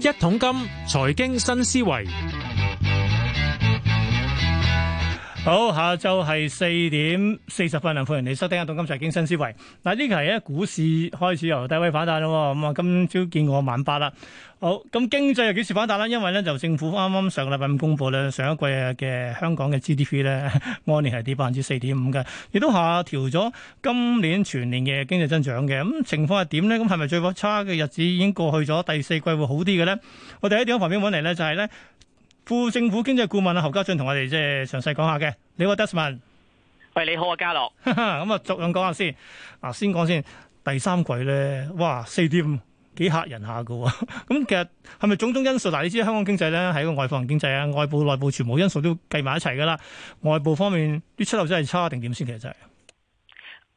一桶金財經新思維。好，下晝係四點四十分，歡迎你收聽《動金財經新思維》。嗱，呢期咧股市開始由低位反彈啦，咁啊，今朝見過萬八啦。好，咁經濟又幾時反彈咧？因為咧就政府啱啱上個禮拜五公布咧上一季嘅香港嘅 GDP 咧，按年係跌百分之四點五嘅，亦都下調咗今年全年嘅經濟增長嘅。咁情況係點咧？咁係咪最差嘅日子已經過去咗？第四季會好啲嘅咧？我哋喺電話旁邊揾嚟咧，就係咧。副政府經濟顧問啊，侯家俊同我哋即係詳細講下嘅。你好 Desmond，喂，你好啊，家樂。咁啊、 嗯，逐樣講下先。嗱，先講先，第三季咧，哇，四點幾嚇人下嘅喎。咁、 嗯、其實係咪種種因素？嗱、嗯，你知香港經濟咧係一個外向型經濟啊，外部內部全部因素都計埋一齊嘅啦。外部方面啲出口真係差定點先？其實真係。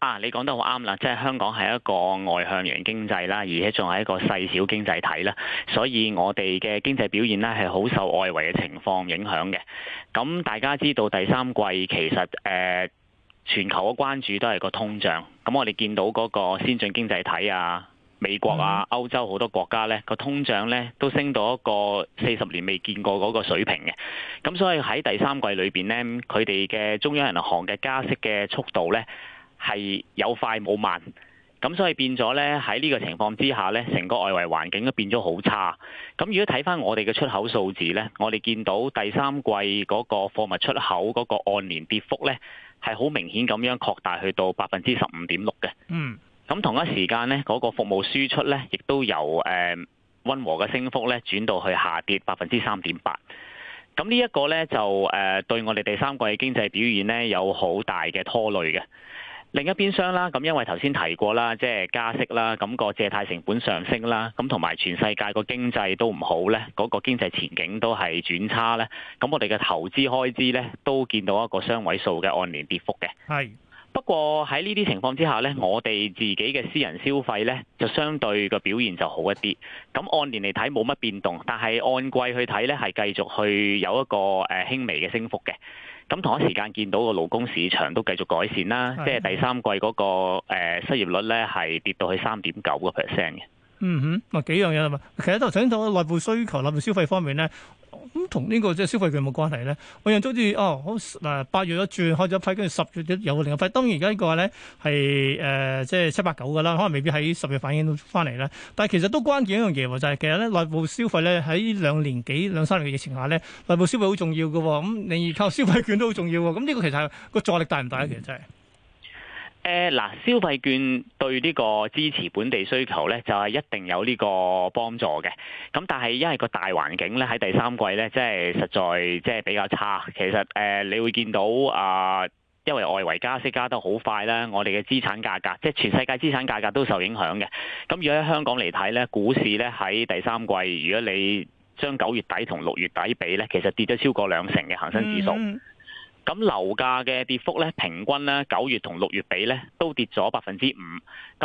啊！你講得好啱啦，即係香港係一個外向型經濟啦，而且仲係一個細小經濟體啦，所以我哋嘅經濟表現呢，係好受外圍嘅情況影響嘅。咁大家知道第三季其實誒、呃、全球嘅關注都係個通脹，咁我哋見到嗰個先進經濟體啊、美國啊、歐洲好多國家呢個通脹呢，都升到一個四十年未見過嗰個水平嘅。咁所以喺第三季裏邊呢，佢哋嘅中央銀行嘅加息嘅速度呢，係有快冇慢，咁所以變咗呢。喺呢個情況之下呢，成個外圍環境都變咗好差。咁如果睇返我哋嘅出口數字呢，我哋見到第三季嗰個貨物出口嗰個按年跌幅呢，係好明顯咁樣擴大去到百分之十五點六嘅。嗯，咁、mm. 同一時間呢，嗰、嗰個服務輸出呢，亦都由誒溫和嘅升幅呢轉到去下跌百分之三點八。咁呢一個呢，就誒、呃、對我哋第三季經濟表現呢，有好大嘅拖累嘅。另一邊廂啦，咁因為頭先提過啦，即係加息啦，咁個借貸成本上升啦，咁同埋全世界個經濟都唔好呢，嗰個經濟前景都係轉差呢。咁我哋嘅投資開支呢，都見到一個雙位數嘅按年跌幅嘅。係，不過喺呢啲情況之下呢，我哋自己嘅私人消費呢，就相對嘅表現就好一啲。咁按年嚟睇冇乜變動，但係按季去睇呢，係繼續去有一個誒輕微嘅升幅嘅。咁同一時間見到個勞工市場都繼續改善啦，的即係第三季嗰個誒失業率咧係跌到去三點九個 percent 嘅。嗯哼，咪幾樣嘢啊嘛，其實就講到內部需求，內部消費方面咧。咁同呢個即係消費券有冇關係咧？我認到好似哦，好嗱，八月一轉開咗批，跟住十月有另一批。費。當然而家呢個咧係誒即係七八九㗎啦，可能未必喺十月反映到翻嚟咧。但係其實都關鍵一樣嘢喎，就係、是、其實咧內部消費咧喺兩年幾兩三年嘅疫情下咧，內部消費好重要嘅、哦。咁你靠消費券都好重要嘅。咁呢個其實、係個助力大唔大咧？其實真係。誒嗱、呃，消費券對呢個支持本地需求咧，就係、是、一定有呢個幫助嘅。咁但係，因為個大環境咧喺第三季咧，真係實在即係比較差。其實誒、呃，你會見到啊、呃，因為外圍加息加得好快啦，我哋嘅資產價格，即係全世界資產價格都受影響嘅。咁如果喺香港嚟睇咧，股市咧喺第三季，如果你將九月底同六月底比咧，其實跌咗超過兩成嘅恆生指數。Mm hmm. 咁樓價嘅跌幅咧，平均咧九月同六月比咧，都跌咗百分之五。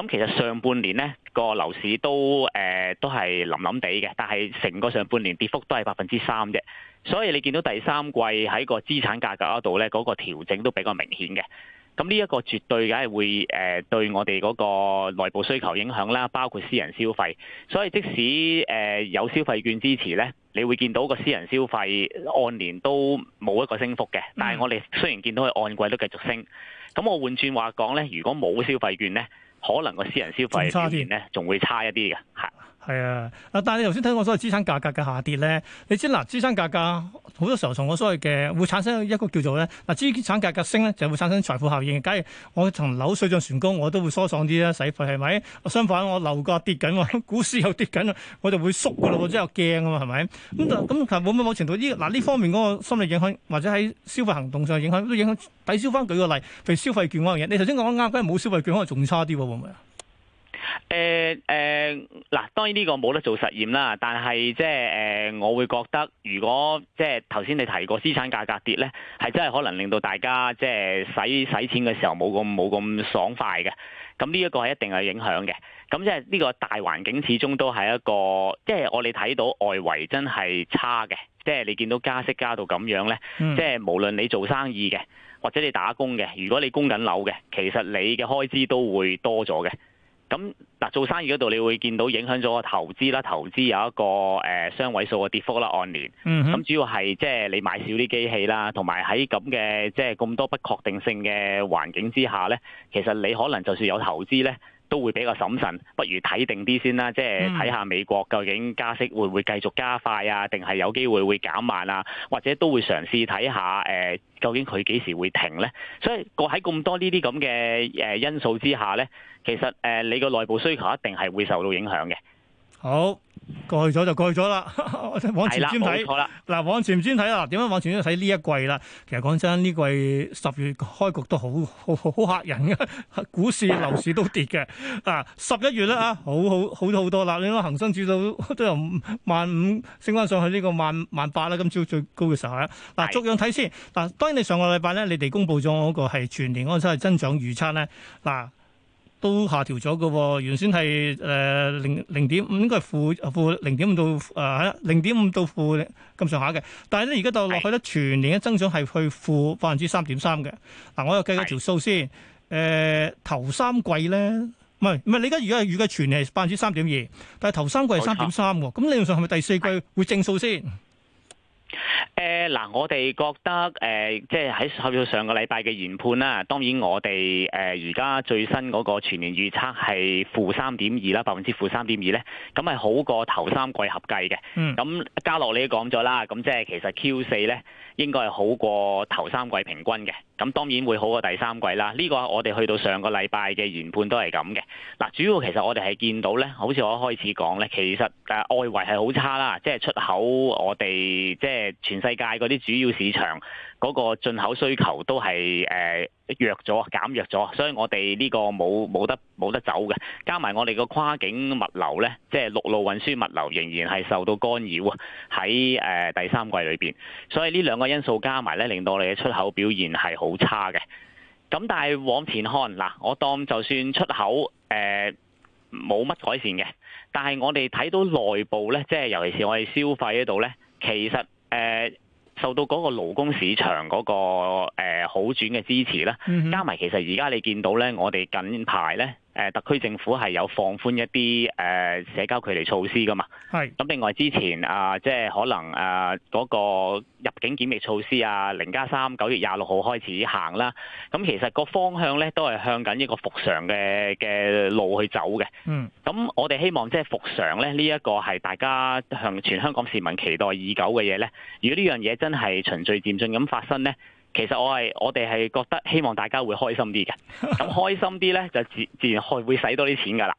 咁其實上半年咧個樓市都誒、呃、都係冧冧地嘅，但係成個上半年跌幅都係百分之三啫。所以你見到第三季喺個資產價格嗰度咧，嗰、那個調整都比較明顯嘅。咁呢一個絕對梗係會誒對我哋嗰個內部需求影響啦，包括私人消費。所以即使誒有消費券支持呢，你會見到個私人消費按年都冇一個升幅嘅。但係我哋雖然見到佢按季都繼續升。咁我換轉話講呢，如果冇消費券呢，可能個私人消費今年呢仲會差一啲嘅，嚇。係啊，但係你頭先睇我所謂資產價格嘅下跌咧，你知嗱資產價格好多時候從我所謂嘅會產生一個叫做咧嗱資產價格升咧就會產生財富效應。假如我層樓水漲船高，我都會疏爽啲啦，使費係咪？相反我樓價跌緊喎，股市又跌緊啦，我就會縮噶啦喎，即又有驚啊嘛，係咪？咁咁其實冇冇冇程度呢？嗱呢方面嗰個心理影響或者喺消費行動上影響都影響抵消翻。舉個例，譬如消費券嗰樣嘢，你頭先講得啱，但係冇消費券可能仲差啲喎，會唔會啊？誒誒，嗱、呃呃，當然呢個冇得做實驗啦，但係即係誒，我會覺得如果即係頭先你提過資產價格跌咧，係真係可能令到大家即係使使錢嘅時候冇咁冇咁爽快嘅。咁呢一個係一定係影響嘅。咁即係呢個大環境始終都係一個，即係我哋睇到外圍真係差嘅，即係你見到加息加到咁樣咧，即係、嗯、無論你做生意嘅或者你打工嘅，如果你供緊樓嘅，其實你嘅開支都會多咗嘅。咁嗱，做生意嗰度你會見到影響咗個投資啦，投資有一個誒、呃、雙位數嘅跌幅啦，按年、mm。咁、hmm。主要係即係你少買少啲機器啦，同埋喺咁嘅即係咁多不確定性嘅環境之下呢。其實你可能就算有投資呢，都會比較審慎，不如睇定啲先啦。即係睇下美國究竟加息會唔會繼續加快啊，定係有機會會減慢啊，或者都會嘗試睇下誒，究竟佢幾時會停呢？所以個喺咁多呢啲咁嘅誒因素之下呢，其實誒、呃、你個內部需求一定係會受到影響嘅。好。過去咗就過去咗啦， 往前瞻睇，嗱，往前，往前瞻睇啦，點樣往前瞻睇呢一季啦？其實講真，呢季十月開局都好好好吓人嘅，股市、樓市都跌嘅。啊，十一月咧啊，好好好咗好多啦。你睇恒生指數都由萬五升返上去呢個萬萬八啦，今朝最高嘅時候啦。嗱，逐樣睇先。嗱，當然你上個禮拜咧，你哋公布咗嗰個係全年安生係增長預測咧。嗱、啊。都下調咗㗎，原先係誒零零點五，應該係負負零點五到誒零點五到負咁上下嘅。但係咧，而家就落去咧，是全年嘅增長係去負百分之三點三嘅。嗱、啊，我又計咗條數先，誒是、欸、頭三季咧，唔係唔係你而家而家預計全年係百分之三點二，但係頭三季係三點三喎，咁理論上係咪第四季會正數先？誒，嗱、呃，我哋覺得誒、呃，即係喺睇上個禮拜嘅研判啦。當然我，我哋誒，而家最新嗰個全年預測係負三點二啦，2, 百分之負三點二咧，咁係好過頭三季合計嘅。咁嘉樂你都講咗啦，咁即係其實 Q 四咧，應該係好過頭三季平均嘅。咁當然會好過第三季啦。呢個我哋去到上個禮拜嘅研判都係咁嘅。嗱，主要其實我哋係見到呢，好似我開始講呢，其實誒外圍係好差啦，即係出口我哋即係全世界嗰啲主要市場。嗰個進口需求都係誒、呃、弱咗、減弱咗，所以我哋呢個冇冇得冇得走嘅。加埋我哋個跨境物流呢，即係陸路運輸物流仍然係受到干擾啊。喺誒、呃、第三季裏邊，所以呢兩個因素加埋呢，令到我哋嘅出口表現係好差嘅。咁但係往前看嗱，我當就算出口誒冇乜改善嘅，但係我哋睇到內部呢，即係尤其是我哋消費嗰度呢，其實誒。呃受到嗰個勞工市場嗰個那個誒、呃、好轉嘅支持咧，加埋其實而家你見到咧，我哋近排咧。誒特區政府係有放寬一啲誒、呃、社交距離措施㗎嘛，係是。咁另外之前啊、呃，即係可能誒嗰個入境檢疫措施啊，零加三，九月廿六號開始行啦。咁其實個方向咧都係向緊一個復常嘅嘅路去走嘅。嗯。咁我哋希望即係復常咧呢一個係大家向全香港市民期待已久嘅嘢咧。如果呢樣嘢真係循序漸進咁發生咧。其實我係我哋係覺得希望大家會開心啲嘅，咁開心啲呢，就自自然會會使多啲錢噶啦。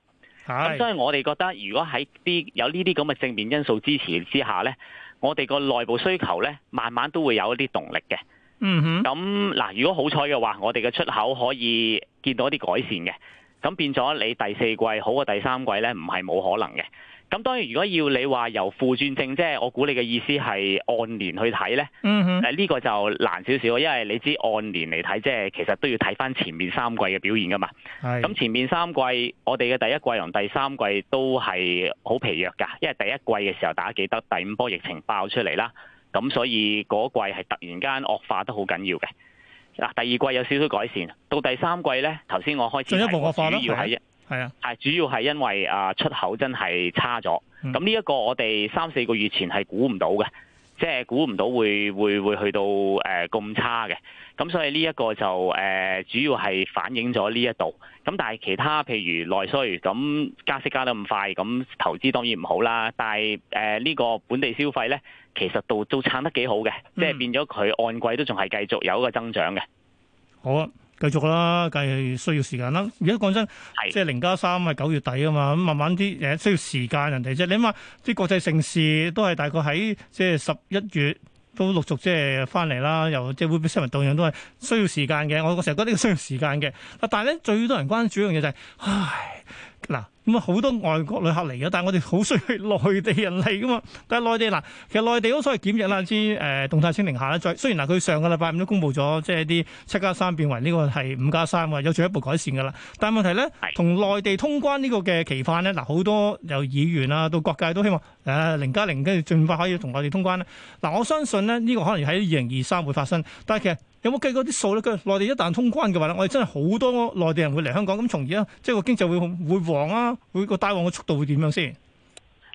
咁所以我哋覺得如果喺啲有呢啲咁嘅正面因素支持之下呢，我哋個內部需求呢，慢慢都會有一啲動力嘅。嗯哼，咁嗱，如果好彩嘅話，我哋嘅出口可以見到一啲改善嘅，咁變咗你第四季好過第三季呢，唔係冇可能嘅。咁當然，如果要你話由負轉正，即係我估你嘅意思係按年去睇咧。誒、嗯哼，呢、啊呢個就難少少，因為你知按年嚟睇，即係其實都要睇翻前面三季嘅表現噶嘛。咁是前面三季，我哋嘅第一季同第三季都係好疲弱㗎，因為第一季嘅時候大家記得，第五波疫情爆出嚟啦，咁所以嗰季係突然間惡化得好緊要嘅。嗱，第二季有少少改善，到第三季咧，頭先我開始主要係係啊，係主要係因為啊出口真係差咗，咁呢一個我哋三四個月前係估唔到嘅，即係估唔到會會會去到誒咁、呃、差嘅，咁所以呢一個就誒、呃、主要係反映咗呢一度，咁但係其他譬如內需，咁加息加得咁快，咁投資當然唔好啦，但係誒呢個本地消費咧，其實都都撐得幾好嘅，嗯、即係變咗佢按季都仲係繼續有一個增長嘅。好啊。繼續啦，梗係需要時間啦。而家講真，是即係零加三係九月底啊嘛，咁慢慢啲誒需要時間，人哋即啫。你諗下啲國際城市都係大概喺即係十一月都陸續即係翻嚟啦，又即係會畀新聞度樣都係需要時間嘅。我我成日覺得呢個需要時間嘅。啊，但係咧最多人關注一樣嘢就係、是，唉。嗱，咁啊好多外國旅客嚟嘅，但係我哋好需要內地人嚟噶嘛。但係內地嗱，其實內地都所謂檢疫啦，至於誒動態清零下咧，再雖然嗱，佢上個禮拜五都公布咗，即係啲七加三變為呢個係五加三喎，3, 有進一步改善嘅啦。但係問題咧，同是內,、呃、內地通關呢個嘅期盼咧，嗱好多由議員啊到各界都希望誒零加零跟住儘快可以同內地通關咧。嗱，我相信咧呢、呢個可能喺二零二三會發生，但係其實。有冇計過啲數咧？佢內地一旦通關嘅話咧，我哋真係好多內地人會嚟香港，咁從而咧，即係個經濟會會旺啊，會個帶旺嘅速度會點樣先？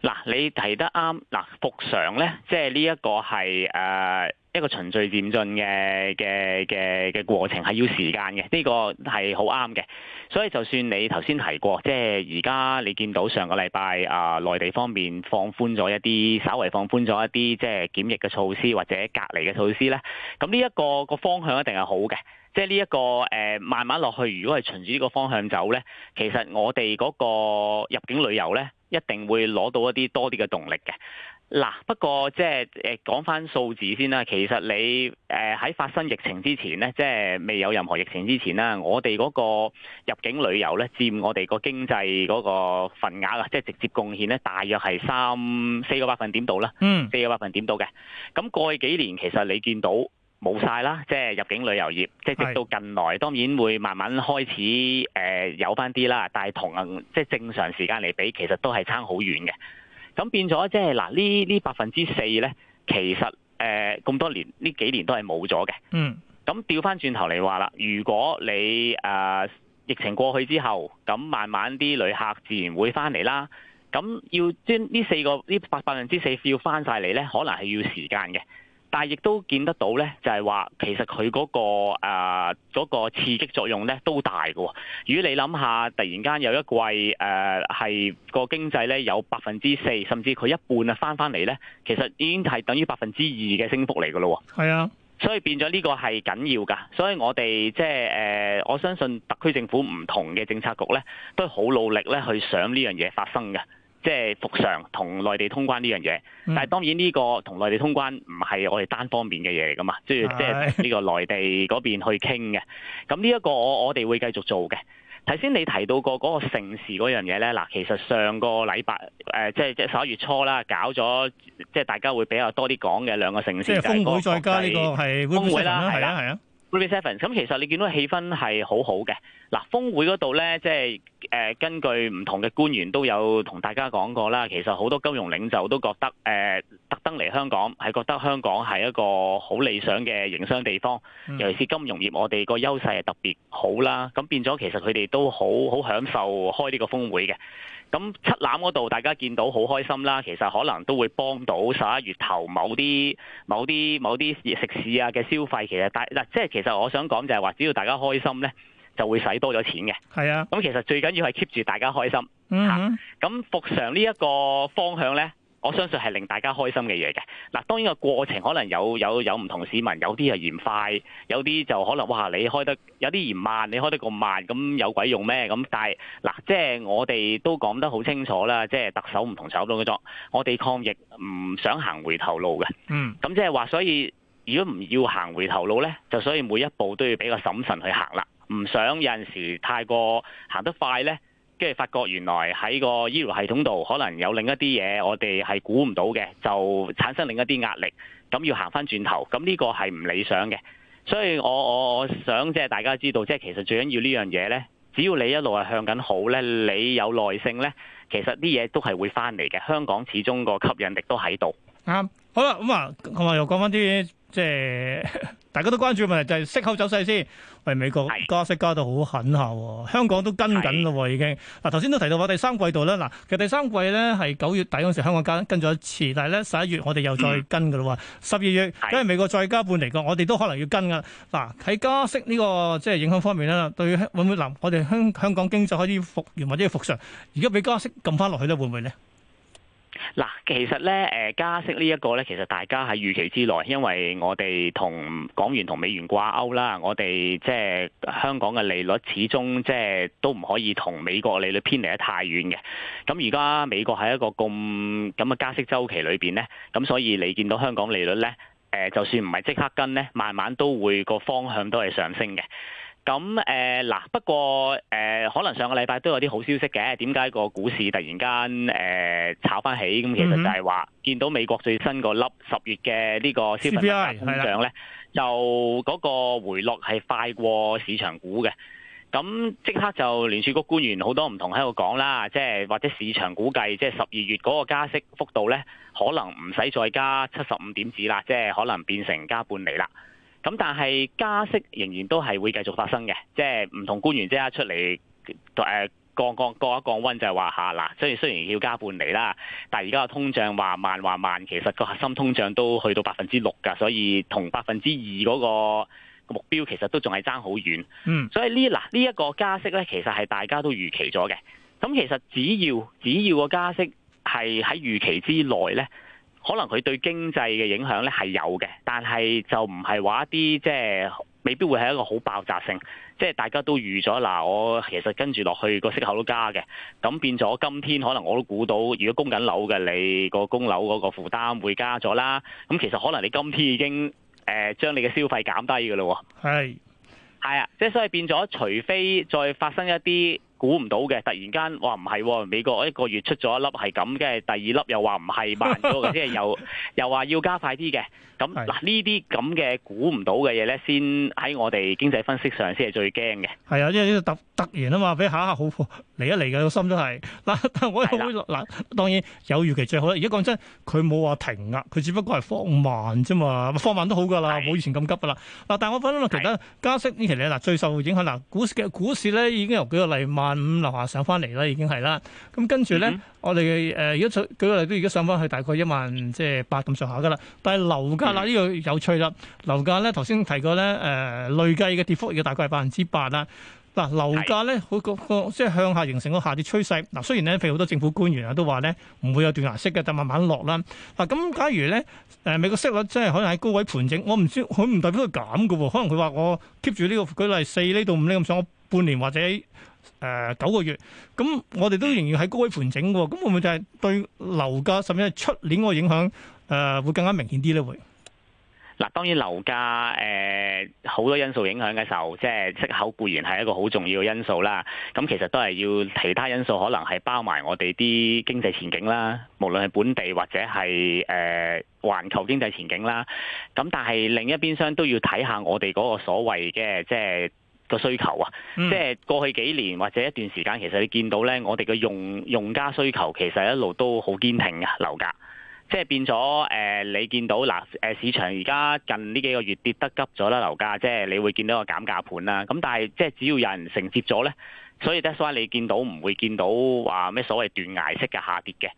嗱，你提得啱，嗱，復常咧，即係呢一個係誒。呃一個循序漸進嘅嘅嘅嘅過程係要時間嘅，呢、呢個係好啱嘅。所以就算你頭先提過，即係而家你見到上個禮拜啊，內地方面放寬咗一啲，稍微放寬咗一啲，即係檢疫嘅措施或者隔離嘅措施呢。咁呢一個、呢個方向一定係好嘅。即係呢一個誒、呃，慢慢落去，如果係循住呢個方向走呢，其實我哋嗰個入境旅遊呢，一定會攞到一啲多啲嘅動力嘅。嗱，不過即係誒講翻數字先啦。其實你誒喺發生疫情之前咧，即係未有任何疫情之前啦，我哋嗰個入境旅遊咧，佔我哋個經濟嗰個份額啊，即係直接貢獻咧，大約係三四個百分點度啦，四個百分點度嘅。咁，嗯，過去幾年其實你見到冇晒啦，即係入境旅遊業，即係直到近來，是。當然會慢慢開始誒有翻啲啦。但係同即係正常時間嚟比，其實都係差好遠嘅。咁變咗即係嗱，呢呢百分之四呢，其實誒咁、呃、多年呢幾年都係冇咗嘅。嗯，咁調翻轉頭嚟話啦，如果你誒、呃、疫情過去之後，咁慢慢啲旅客自然會翻嚟啦。咁要將呢四個呢百百分之四要翻晒嚟呢，可能係要時間嘅。但係亦都見得到呢，就係話其實佢嗰、嗰個誒、呃嗰個、刺激作用咧都大嘅。如果你諗下，突然間有一季誒係、呃、個經濟呢，有百分之四，甚至佢一半啊翻翻嚟呢，其實已經係等於百分之二嘅升幅嚟嘅咯。係啊的，所以變咗呢個係緊要㗎。所以我哋即係誒，我相信特區政府唔同嘅政策局呢，都好努力呢去想呢樣嘢發生嘅。即係復常同內地通關呢樣嘢，嗯、但係當然呢個同內地通關唔係我哋單方面嘅嘢嚟㗎嘛，即係即係呢個內地嗰邊去傾嘅。咁呢一個我我哋會繼續做嘅。頭先你提到過嗰個城市嗰樣嘢咧，嗱，其實上個禮拜誒，即係即係十一月初啦，搞咗即係大家會比較多啲講嘅兩個城市，即係峯會再加呢個係會啦？係啊係啊。咁其實你見到氣氛係好好嘅。嗱，峯會嗰度呢，即係誒、呃、根據唔同嘅官員都有同大家講過啦。其實好多金融領袖都覺得誒特登嚟香港係覺得香港係一個好理想嘅營商地方，嗯、尤其是金融業，我哋個優勢係特別好啦。咁變咗其實佢哋都好好享受開呢個峯會嘅。咁七欖嗰度，大家見到好開心啦，其實可能都會幫到十一月頭某啲某啲某啲食肆啊嘅消費，其實大嗱，即係其實我想講就係話，只要大家開心呢，就會使多咗錢嘅。係啊，咁其實最緊要係 keep 住大家開心。咁、嗯哼啊、復常呢一個方向呢，我相信係令大家開心嘅嘢嘅。嗱，當然個過程可能有有有唔同市民，有啲係嫌快，有啲就可能哇，你開得有啲嫌慢，你開得咁慢，咁有鬼用咩？咁但係嗱，即係我哋都講得好清楚啦，即係特首唔同場合嘅作，我哋抗疫唔想行回頭路嘅。嗯。咁即係話，所以如果唔要行回頭路呢，就所以每一步都要比較審慎去行啦，唔想有陣時太過行得快呢。跟住發覺原來喺個醫療系統度，可能有另一啲嘢我哋係估唔到嘅，就產生另一啲壓力。咁要行返轉頭，咁呢個係唔理想嘅。所以我我我想即係大家知道，即係其實最緊要呢樣嘢呢，只要你一路係向緊好呢，你有耐性呢，其實啲嘢都係會返嚟嘅。香港始終個吸引力都喺度。啱。好啦，咁、嗯、啊，同埋又講翻啲即係大家都關注嘅問題，就係、是、息口走勢先。喂，美國加息加到好狠下，香港都跟緊咯喎，已經。嗱是，頭先都提到話第三季度啦。嗱，其實第三季度咧係九月底嗰陣時，香港加跟跟咗一次。但係咧十一月我哋又再跟㗎咯喎。十二月假如美國再加半嚟講，我哋都可能要跟噶。嗱，喺加息呢個即係影響方面咧，對於會唔會臨我哋香香港經濟可以復原或者要復常？而家俾加息撳翻落去咧，會唔會咧？嗱，其實咧，誒加息呢一個咧，其實大家喺預期之內，因為我哋同港元同美元掛鈎啦，我哋即係香港嘅利率始終即係都唔可以同美國利率偏離得太遠嘅。咁而家美國喺一個咁咁嘅加息周期裏邊咧，咁所以你見到香港利率咧，誒就算唔係即刻跟咧，慢慢都會個方向都係上升嘅。咁誒嗱，不過誒、呃、可能上個禮拜都有啲好消息嘅，點解個股市突然間誒、呃、炒翻起？咁其實就係話、嗯、哼見到美國最新粒個粒十月嘅呢個消費者通脹咧的，由嗰個回落係快過市場估嘅。咁即刻就聯儲局官員好多唔同喺度講啦，即、就、係、是、或者市場估計，即係十二月嗰個加息幅度咧，可能唔使再加七十五點子啦，即、就、係、是、可能變成加半厘啦。咁但係加息仍然都係會繼續發生嘅，即係唔同官員即刻出嚟誒降降降一降溫，就係話嚇嗱，雖然雖然要加半厘啦，但係而家個通脹話慢話慢，其實個核心通脹都去到百分之六㗎，所以同百分之二嗰個目標其實都仲係爭好遠。嗯，所以呢嗱呢一個加息咧，其實係大家都預期咗嘅。咁其實只要只要個加息係喺預期之內咧。可能佢對經濟嘅影響咧係有嘅，但係就唔係話一啲即係未必會係一個好爆炸性，即係大家都預咗啦。我其實跟住落去個息口都加嘅，咁變咗今天可能我都估到，如果供緊樓嘅你個供樓嗰個負擔會加咗啦。咁其實可能你今天已經誒將、呃、你嘅消費減低嘅咯喎。係係啊，即係所以變咗，除非再發生一啲。估唔到嘅，突然間，哇唔係、哦、美國一個月出咗一粒係咁嘅，第二粒又話唔係慢咗，即係又 又話要加快啲嘅。咁嗱呢啲咁嘅估唔到嘅嘢咧，先喺我哋經濟分析上先係最驚嘅。係啊，因為呢個突。突然啊嘛，俾下下刻好嚟一嚟嘅個心都係嗱。 我又會嗱，的當然有預期最好啦。而家講真，佢冇話停啊，佢只不過係放慢啫嘛，放慢都好噶啦，冇的以前咁急噶啦嗱。但係我覺得其實的加息呢期咧嗱，最受影響嗱，股市嘅股市咧已經由舉個例萬五樓下上翻嚟啦，已經係啦。咁跟住咧，我哋誒如果舉舉個例，都而家上翻去大概一萬即係八咁上下噶啦。但係樓價嗱呢、嗯、個有趣啦，樓價咧頭先提過咧誒，累計嘅跌幅有大概百分之八啦。嗱，樓價咧，佢個即係向下形成個下跌趨勢。嗱，雖然咧，譬如好多政府官員啊都話咧，唔會有斷崖式嘅，但慢慢落啦。嗱咁，假如咧，誒美國息率真係可能喺高位盤整，我唔知佢唔代表佢減嘅喎，可能佢話我 keep 住呢個舉例四厘到五厘咁上我半年或者誒九個月，咁我哋都仍然喺高位盤整喎，咁會唔會就係對樓價甚至係出年個影響誒會更加明顯啲咧會？嗱，當然樓價誒好、呃、多因素影響嘅時候，即係息口固然係一個好重要嘅因素啦。咁其實都係要其他因素，可能係包埋我哋啲經濟前景啦，無論係本地或者係誒、呃、環球經濟前景啦。咁但係另一邊廂都要睇下我哋嗰個所謂嘅即係個需求啊。嗯、即係過去幾年或者一段時間，其實你見到呢，我哋嘅用用家需求其實一路都好堅挺嘅樓價。即係變咗誒、呃，你見到嗱誒、呃、市場而家近呢幾個月跌得急咗啦，樓價即係你會見到個減價盤啦。咁但係即係只要有人承接咗咧，所以，所以你見到唔會見到話咩、啊、所謂斷崖式嘅下跌嘅。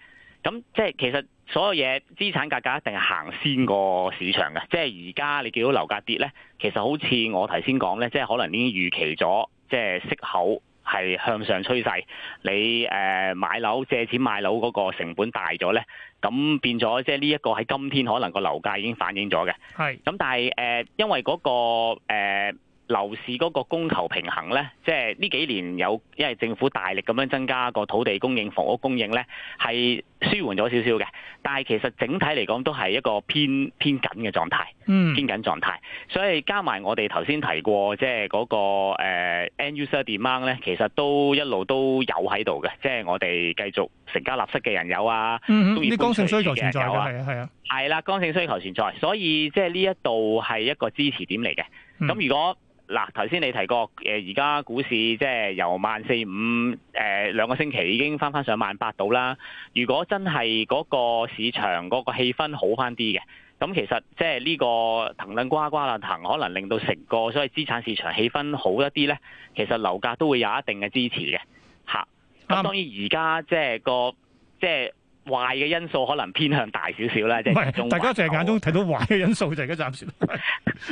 咁即係其實所有嘢資產價格,格一定係行先過市場嘅。即係而家你見到樓價跌咧，其實好似我頭先講咧，即係可能已經預期咗，即係息口。係向上趨勢，你誒、呃、買樓借錢買樓嗰個成本大咗咧，咁變咗即係呢一個喺今天可能個樓價已經反映咗嘅。係是，咁但係誒、呃，因為嗰、那個誒。呃樓市嗰個供求平衡咧，即係呢幾年有，因為政府大力咁樣增加個土地供應、房屋供應咧，係舒緩咗少少嘅。但係其實整體嚟講都係一個偏偏緊嘅狀態，嗯、偏緊狀態。所以加埋我哋頭先提過，即係嗰、嗰個、呃、end user demand 咧，其實都一路都有喺度嘅。即係我哋繼續成家立室嘅人有啊，中意、嗯、剛性需求存在，係啊係啊，係啦，剛性需求存在，所以即係呢一度係一個支持點嚟嘅。咁、嗯、如果嗱，頭先你提過誒而家股市即係由萬四五，誒兩個星期已經翻翻上萬八度啦。如果真係嗰個市場嗰個氣氛好翻啲嘅，咁其實即係呢個騰騰呱呱啦，騰，可能令到成個所謂資產市場氣氛好一啲咧，其實樓價都會有一定嘅支持嘅吓，咁、嗯、當然而家即係個即係。就是壞嘅因素可能偏向大少少啦，即係大家淨係眼中睇到壞嘅因素就而家暫時。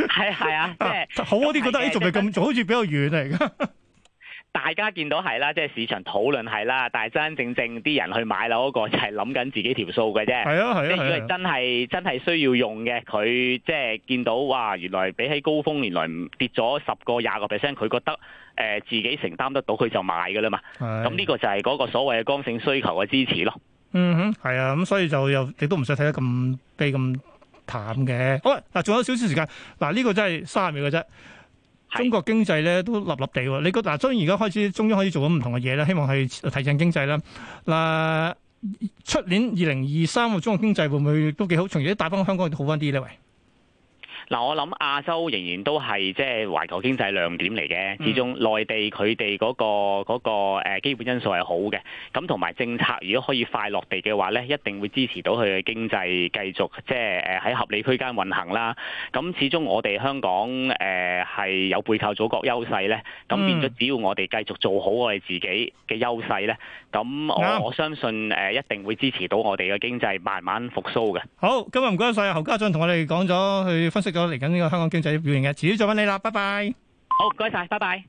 係係啊，即係好啲覺得誒仲係咁，就好似比較遠嚟噶。大家見到係啦，即係市場討論係啦，但係真真正正啲人去買樓嗰個就係諗緊自己條數嘅啫。係啊係啊，即係真係真係需要用嘅，佢即係見到哇，原來比起高峰，年來跌咗十個、廿個 percent，佢覺得誒自己承擔得到，佢就買噶啦嘛。咁呢個就係嗰個所謂嘅剛性需求嘅支持咯。嗯哼，係啊，咁所以就又亦都唔使睇得咁悲咁淡嘅。好啦，嗱，仲有少少時間，嗱呢個真係三十秒嘅啫。中國經濟咧都立立地，你覺嗱，雖然而家開始中央可以做咗唔同嘅嘢咧，希望係提振經濟啦。嗱，出年二零二三個中國經濟會唔會都幾好？從而啲帶翻香港好翻啲呢？喂！嗱，我諗亞洲仍然都係即係環球經濟亮點嚟嘅，始終內地佢哋嗰個嗰個誒基本因素係好嘅，咁同埋政策如果可以快落地嘅話咧，一定會支持到佢嘅經濟繼續即係誒喺合理區間運行啦。咁始終我哋香港誒係有背靠祖國優勢咧，咁變咗只要我哋繼續做好我哋自己嘅優勢咧，咁我相信誒一定會支持到我哋嘅經濟慢慢復甦嘅。好，今日唔該曬侯家俊同我哋講咗去分析。都嚟緊呢個香港經濟表現嘅，遲啲再揾你啦，拜拜。好，唔該晒，拜拜。